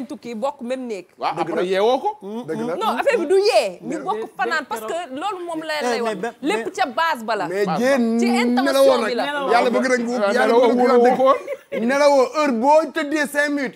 nañ tukki a même néeg waaw après yeewoo ko mm, mm, mm, du yee ñu bokk fanaan parce loolu moom la lay wax ca base ba la mais jéen ci intention bi la yàlla bëgg rek ah, boo tëddee cinq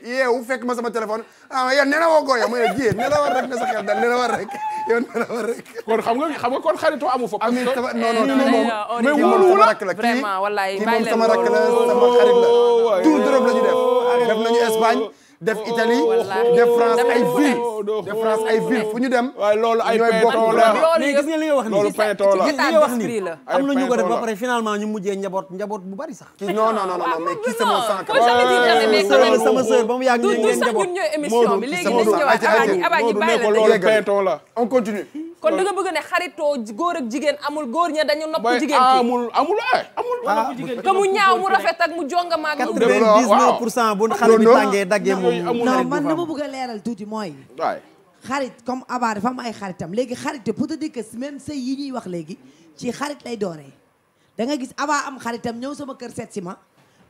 fekk ma sama téléphone ah yow nelawoo ko yow ma yow jiyee nelawoo rek na sa xel daal nelawoo rek yow nelawoo rek. kon xam nga xam nga kon xaritoo amu fa. amiin sama non non kii moom la vraiment wallaay bàyyi leen sama la sama xarit la. Oh, tour la ñu def oh. def nañu Espagne. def oh, Italie oh, def France ay ville def France ay ville fu ñu dem. waaw loolu ay peetoo la mais gis nga li nga la li nga wax nii am na ñu ko def ba pare finalement ñu mujjee njaboot njaboot bu bari sax. non non non non ah, mais kii sama sànq. waaw euh, sama sœur ba mu yàgg ngeen njaboot. Modou sama sœur ayca ayca Modou ne ko loolu peetoo la on continue. kon da nga bëgg ne xaritoo góor ak jigéen amul góor ña dañu nopp jigéen ki amul amul ay eh, amul mu ñaaw mu rafet ak mu jonga maag mu quatre-vingt-dix-neuf pour cent bu xale bi tàngee daggee moom non man na ma bëgg a leeral tuuti mooy xarit comme Aba dafa am ay xaritam léegi xarit pour te dire que même sëy yi ñuy wax léegi ci xarit lay dooree da nga gis Aba am xaritam ñëw sama kër seet ma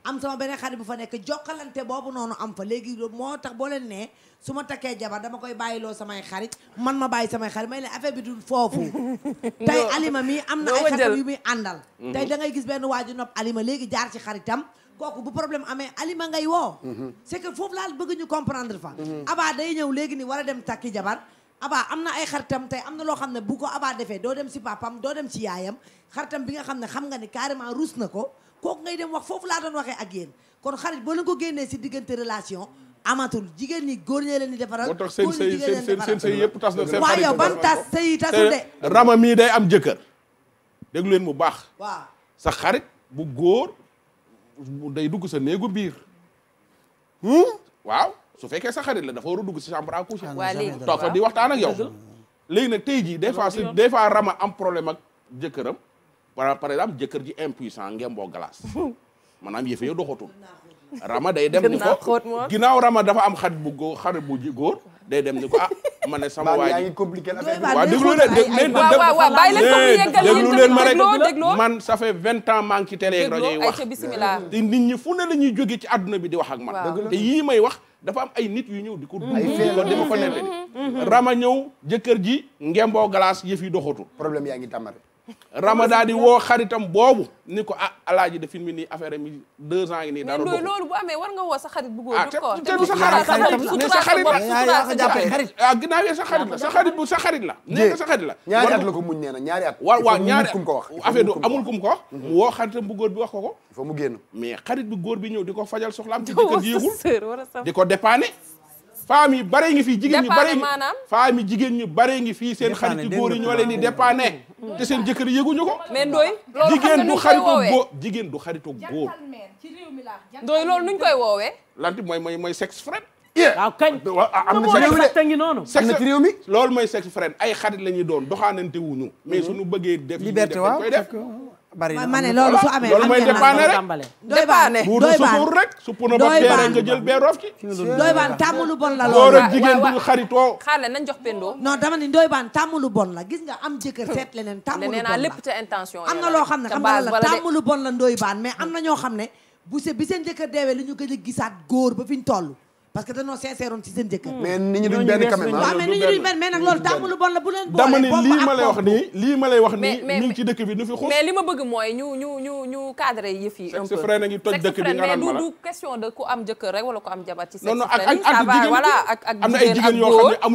am sama beneen xarit bu fa nekk jokkalante boobu noonu am fa léegi moo tax boo leen nee su ma takkee jabar dama koy bàyyiloo samay xarit man ma bàyyi samay xarit may leen affaire bi du foofu alima mi am na yu muy àndal mhm. tey da ngay gis benn waaju nopp alima léegi jaar ci xaritam kooku bu problème amee alima ngay woo mhm. c'est que foofu laal bëgg ñu comprendre fa mhm. abaa day ñëw léegi ni war a dem takki jabar abaa am na ay xaritam tey am na loo xam ne bu ko abaa defee doo dem si papam doo dem si yaayam xaritam bi nga xam ne xam nga ni carrément ruus na ko kooku ngay dem wax foofu laa doon waxee ak yéen kon xarit boo leen ko génnee si diggante relation amatul jigéen ñi góor ñee leen di defaral moo tax seen seen yëpp tas na seen xarit yow ban de rama mii day am jëkkër déglu leen mu baax waaw sa xarit bu góor day dugg sa néegu biir hmm? waaw su fekkee sa xarit la dafa war a dugg si chambre à coucher toog fa di waxtaan ak yow léegi nag tey jii des fois des fois rama am problème ak jëkkëram par par exemple jëkkër ji impuissant ngemboo glace maanaam yëfe yow doxatul rama day dem ni ko ginnaaw rama dafa am xarit bu góor xarit bu góor day dem ni ko ah ma ne sama waa ji waaw déglu leen déglu leen déglu leen ma rek man ça vingt ans maa ngi ci télé ak rajo yi wax te nit ñi fu ne la ñuy jóge ci àdduna bi di wax ak man te yii may wax dafa am ay nit yu ñëw di ko dund di ma ko nette mm-hmm. rama ñëw jëkkër ji ngemboo glace yëf yi doxatul problème yaa ngi tàmbali Ramadan di woo xaritam boobu ni ko ah alaaji dafin mi ni affaire mi deux ans yi nii. dara doxul loolu war nga woo sa xarit bu góor. ah sa xarit mais sa xarit la ah ginnaaw yee sa sa xarit bu sa xarit la. sa la ñaari at la ko muñ nee na ñaari at. waaw waaw ñaari at ko wax affaire ko wax. mu mhm. woo xaritam bu góor bi wax ko ko. il faut mu génn mais xarit bu góor bi ñëw di ko fajal soxlaam. di ko jéegul di ko dépanner femmes yi bare ngi fii jigéen ñu bare ngi femmes yi jigéen ñu bare ngi fii seen xaritu góor yi ñoo leen di dépanné te seen jëkkër yëguñu ko mais ndooy jigéen du xaritu góor jigéen du nuñ koy woowee lanti mooy mooy mooy sex friend waaw kañ am na sexe ngi noonu am na loolu mooy sex friend ay xarit la ñuy doon doxaanante wuñu mais mm-hmm. suñu bëggee def liberté waaw koy bari na ma ne loolu su amee loolu mooy dépanner rek dépanner doy baan rek su puna baan tàmm bon la loolu góor jigéen duñu xaritoo xaale dama ne doy baan tàmm bon la gis nga am jëkkër seet leneen tàmm bon la lépp na loo xam ne xam baan mais am na ñoo xam ne bu se bi seen jëkkër deewee li ñu gëj a gisaat góor ba fi ñu toll parce que dañoo sincère woon ci seen jëkkër. mais nit ñi duñ benn quand même ah. mais nit ñi benn mais nag loolu dama ni lii ma wax nii lii ma wax nii. mais ci dëkk bi nu fi xos. mais li ma bëgg mooy ñu ñu ñu yi. un sexe frein a ngi toj dëkk bi nga naan ma la am jëkkër rek wala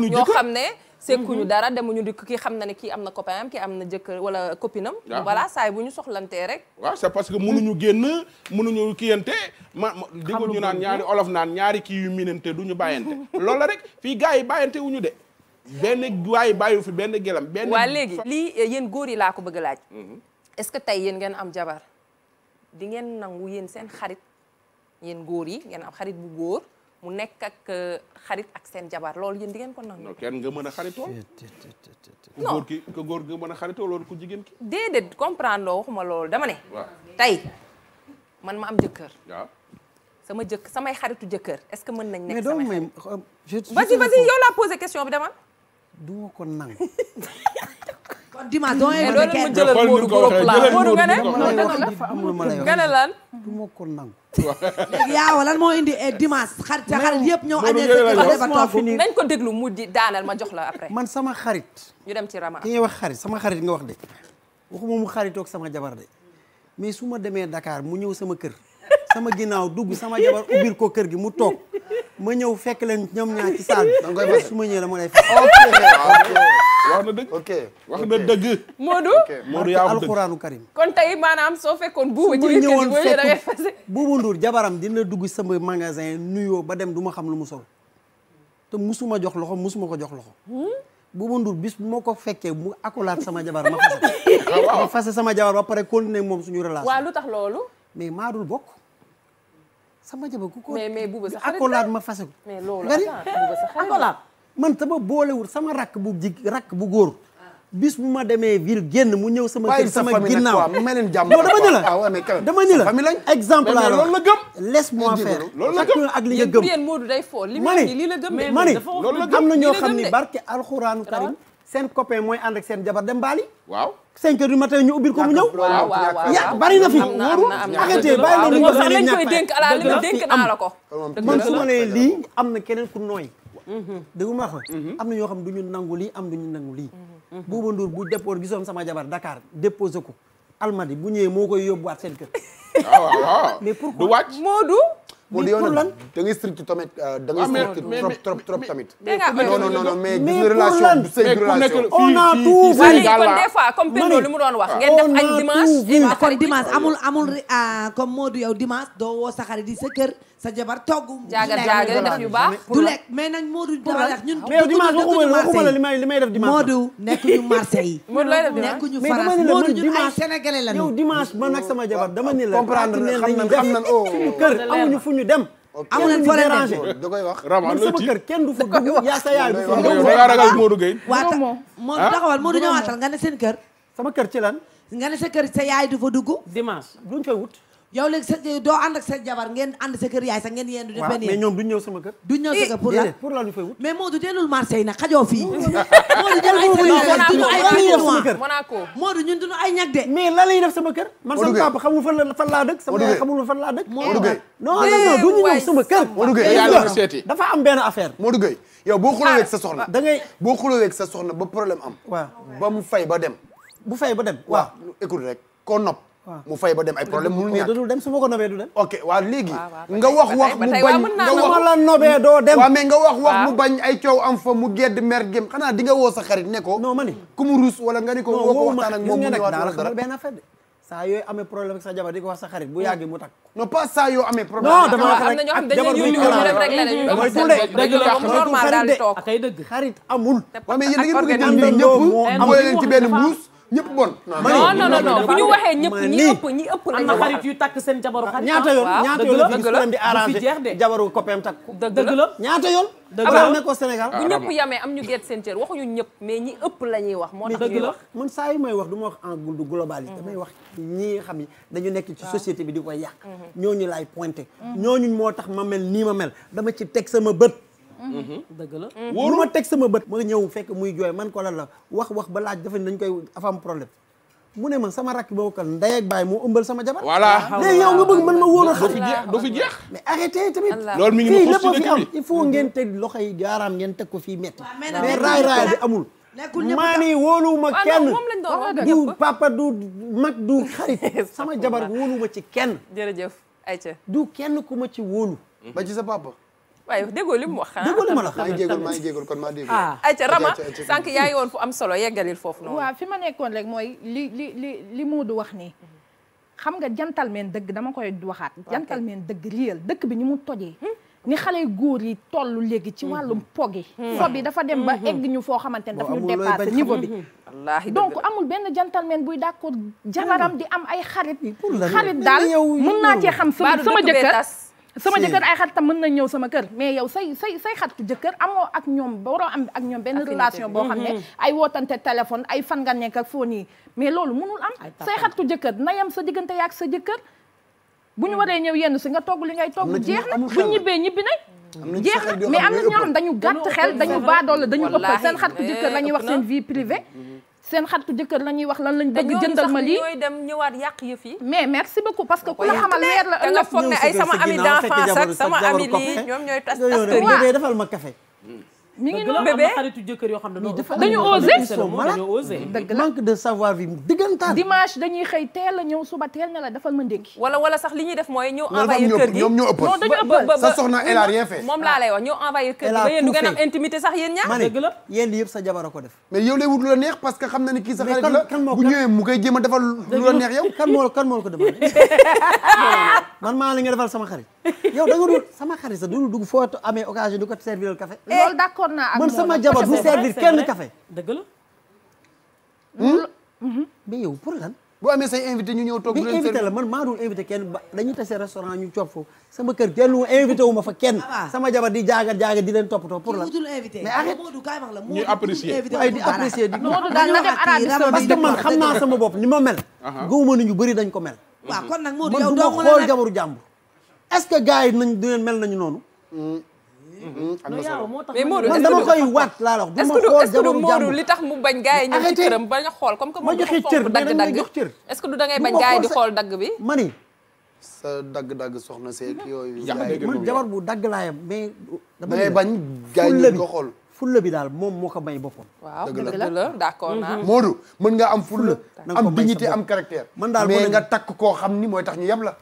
yoo xam ne. sekkuñu mhm. dara dem demuñu dikk kii xam na ne kii am na copain am kii am na jëkkër wala copine am ah ah. voilà saay bu ñu soxlantee rek waaw c'est parce que mënuñu génn mënuñu kiyante ma digul ñu naan ñaari olof naan ñaari kii yu du ñu bàyyante loolu rek fii gars yi bàyyante ñu de benn waay bàyyu fi benn gelam benn waa léegi lii eh, yéen góor yi laa ko bëgg laaj mhm. est-ce que tey yéen ngeen am jabar di ngeen nangu yéen seen xarit yéen góor yi ngeen am xarit bu góor mu nekk ak euh, xarit ak seen jabar loolu yéen di ngeen ko nangu. non kenn nga mën a xaritool. ku góor ki mën a xaritool loolu ku jigéen ki. déedéet comprendre loo waxuma lool dama ne. tey man ma am jëkkër. waaw sama jëkk samay xaritu jëkkër est-ce que mën nañ nekk samay xarit mais doo may vas yow laa posé question bi dama. du ma ko nangu. kon dimaton yi doon kenn jëlal Modou pour plan Modou nga ne lan du ma ko nangu yaaw lan moo indi eh, dimanche xarit xarit yëpp ñëw añee nañ ko déglu mu di ma jox la man sama xarit ñu dem ci rama ki wax xarit sama xarit nga wax de waxuma mu sama jabar de mais su ma demee Dakar mu ñëw sama kër sama ginnaaw dugg sama jabar ubbil ko kër gi mu toog ma ñëw fekk leen ñoom ñaar ci saal bi. su ma ñëwee dama lay fekk. Ah, wax na dëgg ok wax dëgg. Modou Modou yaa wax dëgg alxuraanu Karim. kon tey maanaam soo fekkoon buuba ci kër gi boo ñëwee da jabaram dina dugg sama magasin nuyoo ba dem du ma xam lu mu sol te musuma jox loxo musuma ko jox loxo. Buuba Ndour bis moo ko fekkee mu akolaat sama jabar ah, ma fase. sama jabar ba pare continuer moom suñu relation. waaw lu tax loolu. mais maa dul bokk. sama jëm ku ko mais mais buuba sa xarit accolade ma fase ko mais loolu accolade man sama boolewul sama rakk bu ji rakk bu góor bis bu ma demee ville génn mu ñëw sama kër sama ginnaaw may leen jàmm non dama ñu la ah dama ñu la exemple la loolu la gëm laisse ak li nga gëm yéen Modou day foo li ma am na ñoo xam ni barke alxuraanu karim seen copain mooy ànd ak seen jabar dem baali. waaw 5 heures du matin ñu ubbil ko mu ñëw. waaw waaw na fi. am na am na ko. man su ma nee na keneen ku nooy. Mhm. dëgg ma mhm. am na ñoo xam du ñu nangu lii am du ñu nangu lii. Bouba Ndour bu déposé gisoon sama jabar Dakar déposé ko. Almadi bu ñëwee moo koy yóbbuwaat seen kër. waaw ah, ah, waaw ah. mais pourquoi du moo di yoon lan da ngay strict tamit euh, da ngay ah, strict trop trop trop tamit. non non non mais a li mu doon euh, yow dimanche doo woo sa di sa kër sa jabar togg. jaagal jaagal def yu baax du lekk mais nag Modou dafa wax ñun. mais dimanche waxuma li may li may def dimanche. Modou nekkuñu Marseille. Modou lay def dimanche nekkuñu France Modou ñun ay sénégalais lañu. yow dimanche man ñu dem. amul leen foo leen déranger da koy a man sama kër kenn du fa dugg yaa sa yaay du fa dugg da ngaa ragal Modou Gueye waaw moo taxawal ah. Modou nga ne seen kër sama kër ci nga ne sa kër sa yaay du fa dugg dimanche luñ fay wut yow léegi sa doo ànd ak sa jabar ngeen ànd sa kër yaay sax ngeen yeen def benn mais ñoom duñ ñëw sama kër duñ ñëw sa eh, kër pour la pour la ñu fay wut mais Modou dellul Marseille nag xajoo fii Modou jël duñu ay pieds Monaco Modou ñun duñu ay ñag de mais lan lay def sama la fan laa dëkk sama yaay xamul fan laa dëkk Modou Gueye non non non duñu ñëw sama kër Modou Gueye yaa dem am benn affaire Modou Gueye yow boo xuloo ak sa soxna ah, da ngay boo xuloo ak sa soxna ba problème am waaw ba mu fay ba dem bu fay ba dem waaw écoute rek koo nopp mu fay ba dem ay problème mu ñàkk ok waaw léegi nga wax wax mu bañ nga wax mu bañ ay coow am fa mu gedd mer gém xanaa di xarit ne ko ku mu ruus wala nga ni ko woo ko waxtaan ak moom mu ñëwaat wala dara benn affaire de saa yooyu xarit de amul waaw mais yéen da ngeen bëgg jël ñëpp am leen ci benn mbuus ñëpp bon. non non non bu ñu waxee ñëpp ñi ëpp ñi ëpp la. am na xarit yu takk seen jabaru xarit. ñaata yoon ñaata yoon la gis kuréel di arrangé jabaru copain takk. dëgg la ñaata yoon. dëgg la nekkoo Sénégal. bu ñëpp yamee am ñu geet seen cër waxuñu ñëpp mais ñi ëpp la ñuy wax moo tax ñuy wax. man saa yu may wax du ma wax en gudd global yi mhm. damay wax ñi nga xam ni dañu nekk ci société bi di koy yàq. Mhm. ñooñu laay pointé. Mhm. ñooñu moo tax ma mel nii ma mel dama ci teg sama bët Mm-hmm. dëgg la mm-hmm. ma teg sama bët ma ñëw fekk muy jooy man ko la la wax wax ba laaj dafa ne dañ koy afa am problème mu ne ma sama rakk boobu kan ndey baay moo ëmbal sama jabar voilà léegi bëgg man ma wóolu xarit doo fi mais arrêté tamit loolu mi ngi fii lépp fi am ngeen teg loxo yi jaaraam ngeen ko fi metti mais raay raay bi amul maa ni wóoluwuma ah, kenn du papa du mag du xarit sama jabar wóoluwuma ci kenn jërëjëf ayca du kenn ku ma ci wóolu mm-hmm. ba ci sa papa waaye déggoo li mu wax ah. déggoo li ma la wax maa ngi jégalu maa ngi jégalu kon ah. fu am solo yeggalil foofu noonu waaw fi ma nekkoon rek mooy li li li li Moodu wax nii xam nga gentleman dëgg dama koy waxaat gentleman dëgg réel dëkk bi ni mu tojee hmm? ni xale góor yi toll léegi ci hmm. wàllu pogi hmm. fob yi dafa dem ba egg ñu foo xamante ne daf ñu dépassé niveau bi donc amul benn gentleman buy d'accord jabaram di am ay xarit xarit daal mën naa cee xam sama jëkkër sama jëkkër ay xaritam mën nañ ñëw sama kër mais yow say say say xaritu jëkkër amoo ak ñoom waroo am ak ñoom benn relation boo xam ne mm-hmm. ay wootante téléphone ay fan nga nekk ak foon yi mais loolu mënul am say xaritu jëkkër na yem sa diggante ak sa jëkkër bu ñu mm. waree ñëw yenn si nga togg li ngay togg jeex na bu ñibbee ñibbi nañ jeex na mais am na ñoo xam dañu gàtt xel dañu baadoole dañu ëppal seen xaritu jëkkër la ñuy wax eh, seen vie privée seen xaritu jëkkër la ñuy wax lan lañ bëgg jëndal ma lii ñooy dem ñëwaat yàq yëf yi mais merci beaucoup parce que ku la xamal leer la ëllëg nga foog ne ay sama ami d'enfance ak sama ami lii ñoom ñooy tas tas kër mi ngi noonu bébé xaritu jëkkër yoo xam ne dañu osé dañu de savoir bi dëggantaan dimanche dañuy xëy teel a ñëw suba teel na defal ma ndékki wala wala sax li ñuy def mooy ñëw envahir kër gi ñoom ñoo ëpp non a rien fait intimité sax yéen ñaar dëgg la sa jabar ko def mais yow lay wut lu la neex parce que xam na ni kii sa xarit kan moo kan moo ko demandé man maa la defal sama xarit yow da dul sama xarit sa dul dugg foo amee occasion di ko servir le eh, d'accord d'accord naa ak man sama jabar du servir kenn café la hmm? Hmm? Mhm. mais yow pour lan ñu ñëw toog bi invité la man maa dul invité kenn ba dañuy tase restaurant ñu coog foofu sama kër kenn lu invité wu fa kenn sama jabar di jaaga jaaga di leen toppatoo pour la mais arrête ñu apprécier waaye di apprécier di parce man xam naa sama bopp ni ma mel gëmuma ni ñu bëri dañ ko mel waaw kon nag Modou yow doo xool jabaru jàmbur est-ce que gars yi du leen mel nañu noonu hmm. Mm-hmm. am na solo mais Modou man dama koy waat laa wax. bu ma li tax mu bañ gaa yi ñëw ci këram ba ñu xool comme que ma joxe cër dagg jox cër est-ce que du da ngay bañ gaa yi di xool dagg bi mani sa dagg-dagg soxna seeg yooyu. man jabar bu dagg laa yam mais. dama ngay bañ gaa yi ñu ko xool. fulla bi daal moom moo ko may boppam. waaw dëgg la d'accord naa. Mm-hmm. Modou mën nga am fulla am dignité am caractère. man daal mais nga takk koo xam ni mooy tax ñu yab la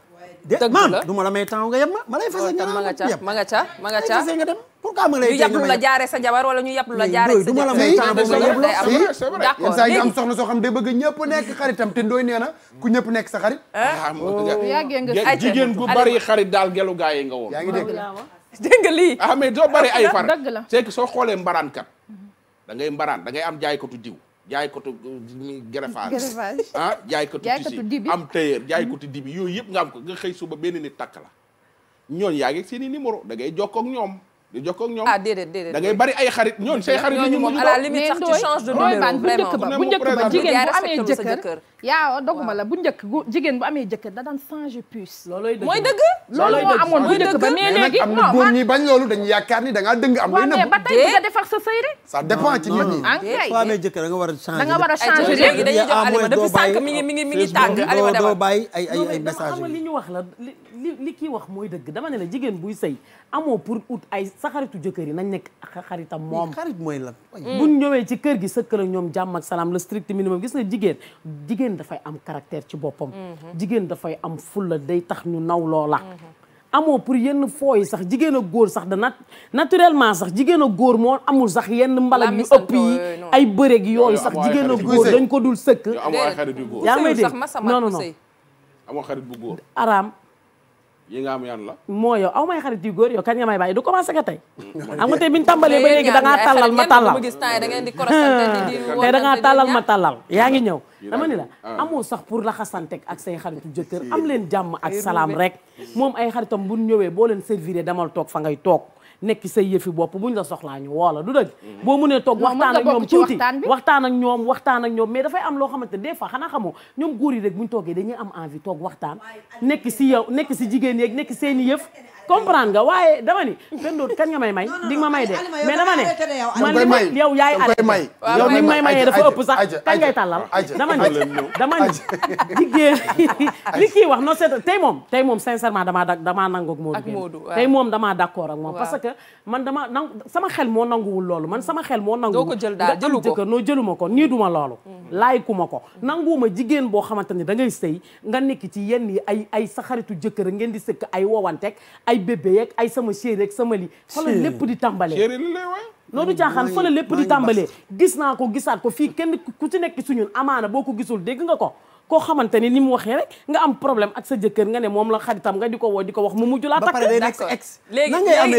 dëgg la du ma la may temps nga yem ma ma lay fase oh, ma nga ca ma nga ca dem ñu yàpp lu la jaare sa jabar wala ñu yàpp lu la jaare sa jabar du may temps bu soxna soo xam day bëgg ñëpp nekk xaritam te ndooy nee na ku ñëpp nekk sa xarit ah. Ah, oh. yàggee nga jigéen gu bari xarit daal gelu gaa yi nga woon yaa ngi dégg dégg nga lii ah mais doo bari ay far c'est soo xoolee mbaraankat da ngay mbaraan da ngay am jaaykatu diw jaay ko tu greffage ah jaay ko tu tissu am tailleur jaay ko tu dibi yooyu yëpp nga am ko nga xëy suba benn nit takk la ñooñu yaa ngi seen i numéro da ngay jokkoo ak ñoom di jokkoo ak ñoom ah, bari ay xarit ñoon say xarit ñu moom à bu njëkk ba bu njëkk ba jigéen yaa doguma la bu njëkk jigéen bu amee jëkkër da daan changer puce looloy dëgg bu njëkk ba mais léegi am na góor ni da ngaa dëng am lay nëbb ba tey nga defar sa ah, a changer da nga war a ay ay li li kii wax mooy dëgg dama ne la jigéen buy sëy amoo pour ut ay sa xaritu jëkkër yi nañ nekk xaritam moom xarit mooy lan mm. buñ ñëwee ci kër gi sëkkal ak ñoom jàmm ak salaam le strict minimum gis nga jigéen jigéen dafay am caractère ci boppam mm-hmm. jigéen dafay am fulla day tax ñu naw loola mm-hmm. amoo pour yenn fooy sax jigéen ak góor sax da nat naturellement sax jigéen ak góor moo amul sax yenn mbalag yu ëpp yi ay bëreeg yooyu sax jigéen ak góor dañ ko dul sëkk yaa ngi may dégg non non non amoo xarit bu góor araam yi nga am yan la. moo yow aw xarit yu góor yow kañ nga may bàyyi du commencé ka tey. Mm. xam nga tey bi ñu tàmbalee ba léegi da ngaa tàllal ma tàllal tey da ngaa ma tàllal yaa ngi ñëw. dama ni la ah. amoo sax pour la xasanteeg ak say xaritu jëkkër am leen jàmm ak salaam rek moom ay xaritam bu ñëwee boo leen servir demal toog fa ngay toog nekk say yëfi bopp buñ la soxlaa ñu woo la du dëgg boo mënee toog waxtaan ak ñoom tuuti waxtaan ak ñoom waxtaan ak ñoom mais dafay am loo xamante des fois xanaa xamoo ñoom góor yi rek buñ toogee dañuy am envie toog waxtaan nekk si yow nekk si jigéen yeeg nekk seen i yëf comprendre ga waaye dama ni Pendo kañ nga may may di ma may de mais dama ne ma yow yaay arrêté yow ni may mayee dafa ëpp sax kañ ngay tàllal dama ni dama ni jigéen li kii wax non c'est tey moom tey moom sincèrement damaa da damaa nangoog Modou tey moom damaa d'accord ak moom parce que man dama nangu sama xel moo nanguwul loolu man sama xel moo nanguwul ko jël daal jëlu ko noo jëluma ko nii duma loolu mhm. laay ku ma ko nanguwuma jigéen boo xamante ni da ngay sëy nga nekk ci yenn yi ay ay sa xaritu jëkkër ngeen di sëkk ay wowanteeg ay bébé yeeg ay sama chéri yeeg sama li fa lépp di tàmbalee chéri li lay waay lépp di tàmbalee gis naa ko gisaat ko fii kenn ku ci nekk suñun amaana boo ko gisul dégg nga ko koo xamante ni waxee rek nga am problème ak sa jëkkër nga ne moom la xaritam nga di ko woo di ko wax mu mujj a takk ba amee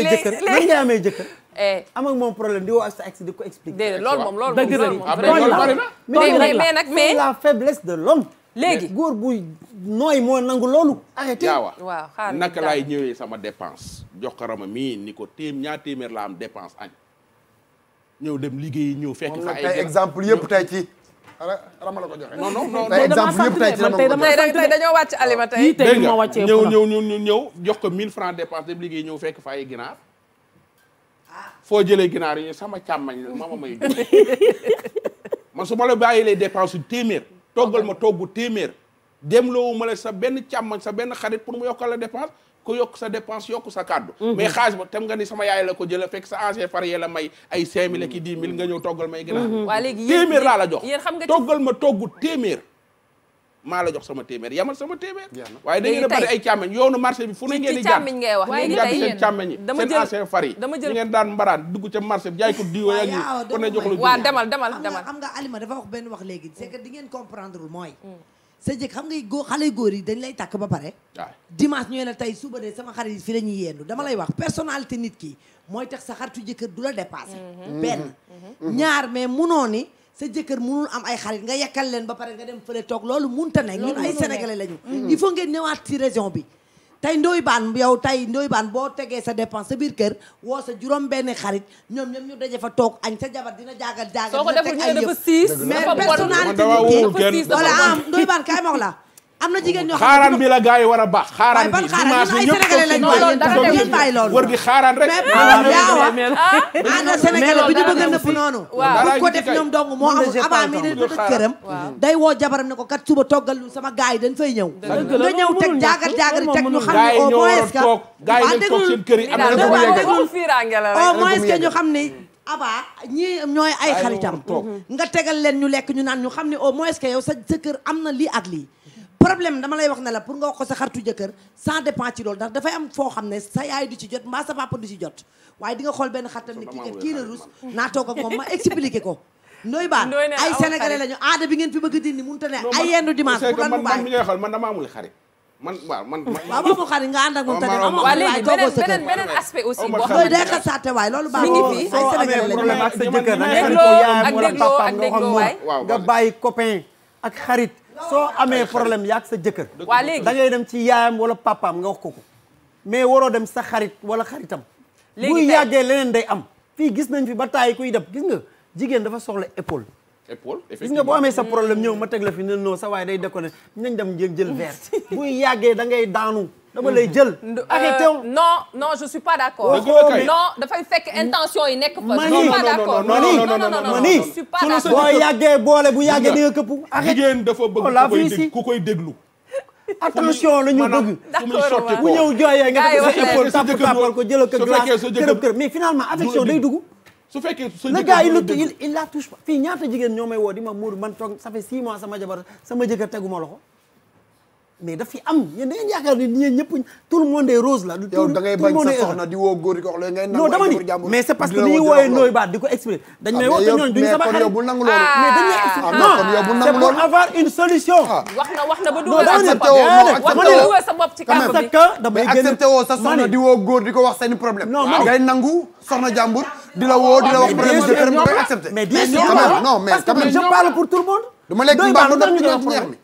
jëkkër nan ngay amee jëkkër eh. am moom problème di woo ak sa ex di ko expliquer déedéet loolu moom la la léegi góor buy nooy moo nangu loolu arrêté jaawa waaw xaar naka laay ñëwee sama dépense jox ko rama mii ni ko téem ñaar téeméer la am dépense añ ñëw dem liggéey ñëw fekk fa exemple yëpp tey ci rama la ko joxe non non non exemple yëpp tey ci rama tey dañoo wàcc alima tey tey ma wàccee ñëw ñëw ñëw ñëw jox ko 1000 francs dépense dem liggéeyi ñëw fekk fa ginaar foo jëlee ginaar yi sama càmmañ la mama may man su ma la bàyyi les dépenses yu téeméer toggal ma toog téeméer dem loowu ma la sa benn càmmoñ sa benn xarit pour mu yokkal la dépense ko yokk sa dépense yokk sa kàddu mhm. mais xaalis ba tem nga ni sama yaay la ko jëla fekk sa ancien far yee la may ay cinq mille ak nga ñëw toggal may gën a mhm. téeméer laa a jox toggal ma togg téeméer maa la jox sama téeméer yamal sama téeméer waaye da ngeen a bari ay càmmeñ yoonu marché fu ne ngeen di jàpp wax ngeen jàpp seen càmmeñ yi seen la waaw demal demal demal xam nga Alima dafa wax benn wax léegi c'est que comprendre mooy hmm. sa jëkk xam ngay góor xale góor yi dañ lay tàkk ba pare dimanche ñooy la tey suba de sama xarit fi la ñuy yendu dama lay wax personnalité nit ki mooy tax sa xaritu jëkkër du la dépassé hmm. hmm. benn ñaar mais munoo ni sa jëkkër munul am ay xarit nga yekkal leen ba pare nga dem fële toog loolu munta ne ñun ay sénégalais lañu mm. il faut ngeen ñëwaat ci région bi tey ndoy baan yow tey ndoy baan boo tegee sa dépense sa biir kër woo sa juróom benn xarit ñoom ñoom ñu daje fa toog añ sa jabar dina jaagal jaagal dina teg ay yëf mais personnalité nit ki wala am ndoy baan kaay ma la am na jigéen ñoo xam ne xaaraan bi la gars war a baax. xaaraan bi dimanche bi ñëpp toog wër ah, ah, bi ñu bëgg a nëpp noonu. waaw ko def ñoom woo jabaram ne ko kat suba toggal lu sama gars yi dañ ay ñëw. nga ñëw teg jaagar jaagar teg ñu xam ne yi a toog na lu mu yegg au moins que xam ne aba ñii ñooy ay xaritam nga tegal leen ñu lekk ñu naan ñu xam ne au moins que yow sa sa kër am na lii ak lii problème dama lay wax ne la pour nga wax ko sa xaritu jëkkër ça dépend ci loolu dafay am foo xam ne sa yaay du ci jot mbaa sa papa du ci jot waaye di xool benn xaritam ne kii la rus naa toog moom ma expliqué ko ndoy baan ay sénégalais lañu aada bi ngeen fi bëgg dindi mënut a ne ay yendu dimanche pour lan mu bàyyi man mi xool man dama amul xarit man waaw man waaw boobu xarit nga waaw léegi beneen beneen beneen aspect day xasaate sa jëkkër nga bàyyi ak soo amee problème yaa sa jëkkër waa léegi da ngay dem ci yaayam wala papaam nga wax ko ko mais waroo dem sa xarit wala xaritam buy yàggee leneen day am fii gis nañ fi ba taay kuy def gis nga jigéen dafa soxla épaule épaule gis nga boo amee sa problème ñëw ma teg la fi ne non sa waaye day déconné nañ dem jël verre buy yàggee da ngay daanu dama lay mhm. jël. arrêté wu ah, euh, non non je suis pas d'accord. non dafay fekk intention yi nekk fa. non non non mani. je suis pas d'accord boo yàggee boole bu yàggee di nga këpp. arrêté jigéen oh, ku koy déglu. attention la ñu bëgg. d'accord waaw ku ñëw nga def sa épaule tàpp ko jëlal ko glace kërëb kërëb mais finalement affection day dugg. su fekkee sa le il il il la pas. fii ñaata jigéen ñoo may woo di ma muur man toog ça fait 6 mois sama jabar sama jëkkër teguma loxo mais daf fi am yéen da ngeen yaakaar ni ñun ñëpp tout le monde est rose là. yow da ngay bañ sa soxna di woo góor yi ko wax la ngay nangu ay góor jàmbur mais c'est parce que li ñuy wooyee nooy baat di ko expliquer. dañ may woo te ñooñu duñ sama xarit ah, ah, mais kon yow bul nangu loolu. mais dañ lay expliquer non c'est pour avoir une solution. Ah. wax na wax na ba dugal sa bopp wax na dugal sa bopp ci kàmb bi. damay génn accepté woo sa soxna di woo góor di ko wax seen problème. non man ngay nangu soxna jàmbur di la woo di la wax problème de kër nga koy accepté. mais bien sûr non mais quand même je parle pour tout le monde. dama léegi mbaa ko def ci ñeex mi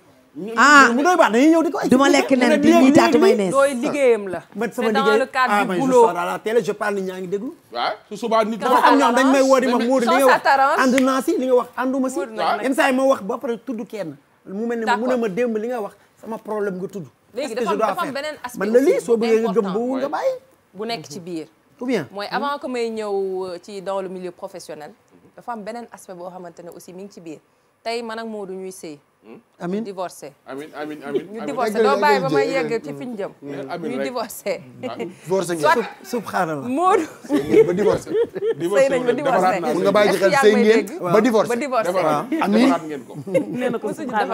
ah mu doy baax dañuy ñëw di ko. du ma lekk nen bi ñuy taatu may nees. dooy liggéeyam la. man sama liggéey ah man je sors à la télé je parle am ñoom dañ may woo di ma Moodu li nga wax ànd naa si li nga wax ànduma si. yenn saa ma wax ba pare tudd kenn. mu mel ni mu ne ma démb li nga wax sama problème nga tudd. léegi dafa dafa am beneen aspect man la lii soo bëggee nga gëm bu nga bu nekk ci biir. ou bien mooy hmm? avant que may ñëw euh, ci dans le milieu professionnel dafa am beneen aspect boo xamante ne aussi mi ngi ci biir tey man ak Moodu ñuy sëy Hmm? amin divorcé amin amin amin ñu divorcé doo bàyyi ba may yegg ci fi ñu jëm hmm. ñu divorcé ah, divorcé ngeen subhanallah Modou ba divorcé divorcé nañ ba divorcé mun nga bàyyi xel sëy ngeen ba divorcé ba divorcé ah.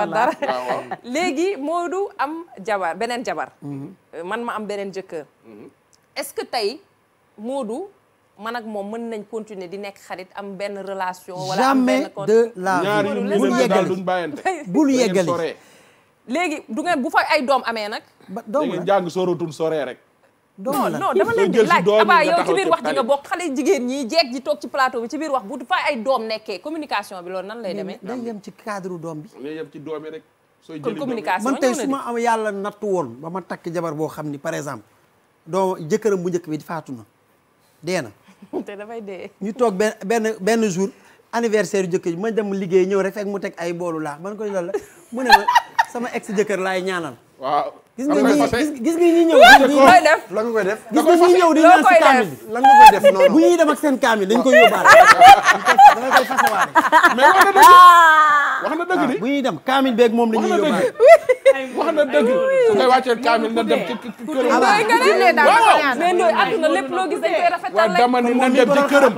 ah, léegi Modou am jabar beneen jabar mm-hmm. man ma am beneen jëkkër mm-hmm. est-ce que tey Modou man ak moom mën nañ continuer di nekk xarit am benn relation. wala am benn jamais de la vie bul yeggali bul yeggali léegi du ngeen bu fa ay doom amee nag. ba doom la jàng sooratul soree rek. doom la non dama leen di laaj abaa yow ci biir wax ji nga bokk xale jigéen ñi jeeg ñi toog ci plateau bi ci biir wax bu fa ay doom nekkee communication bi loolu nan lay demee. day yem ci cadre doom bi. day doom yi rek. sooy jëli communication man tey su ma am yàlla nattu woon ba ma takk jabar boo xam ni par exemple. doo jëkkëram bu njëkk bi faatu na dee te dafay dee. ñu toog benn benn benn jour anniversaire jëkkër ji ma dem liggéey ñëw rek fekk mu teg ay boolu laa man koy loolu la mu ne ma sama ex jëkkër laay ñaanal. waaw gis nga ñi gis ñëw. la nga koy def. gis di ñaan si kaamil bi la nga koy def noonu. bu ñuy dem ak seen kaamil dañ koy yóbbaale. da koy fasawaale. mais wax na dëgg di bu ñuy dem kaamil beeg moom la ñuy yóbbaale. wax na dëgg su koy wàcceel kaamil na dem ci këram. waaw mais Ndoye àdduna lépp loo gis dañ koy rafetal rek. dama ni na dem ci këram.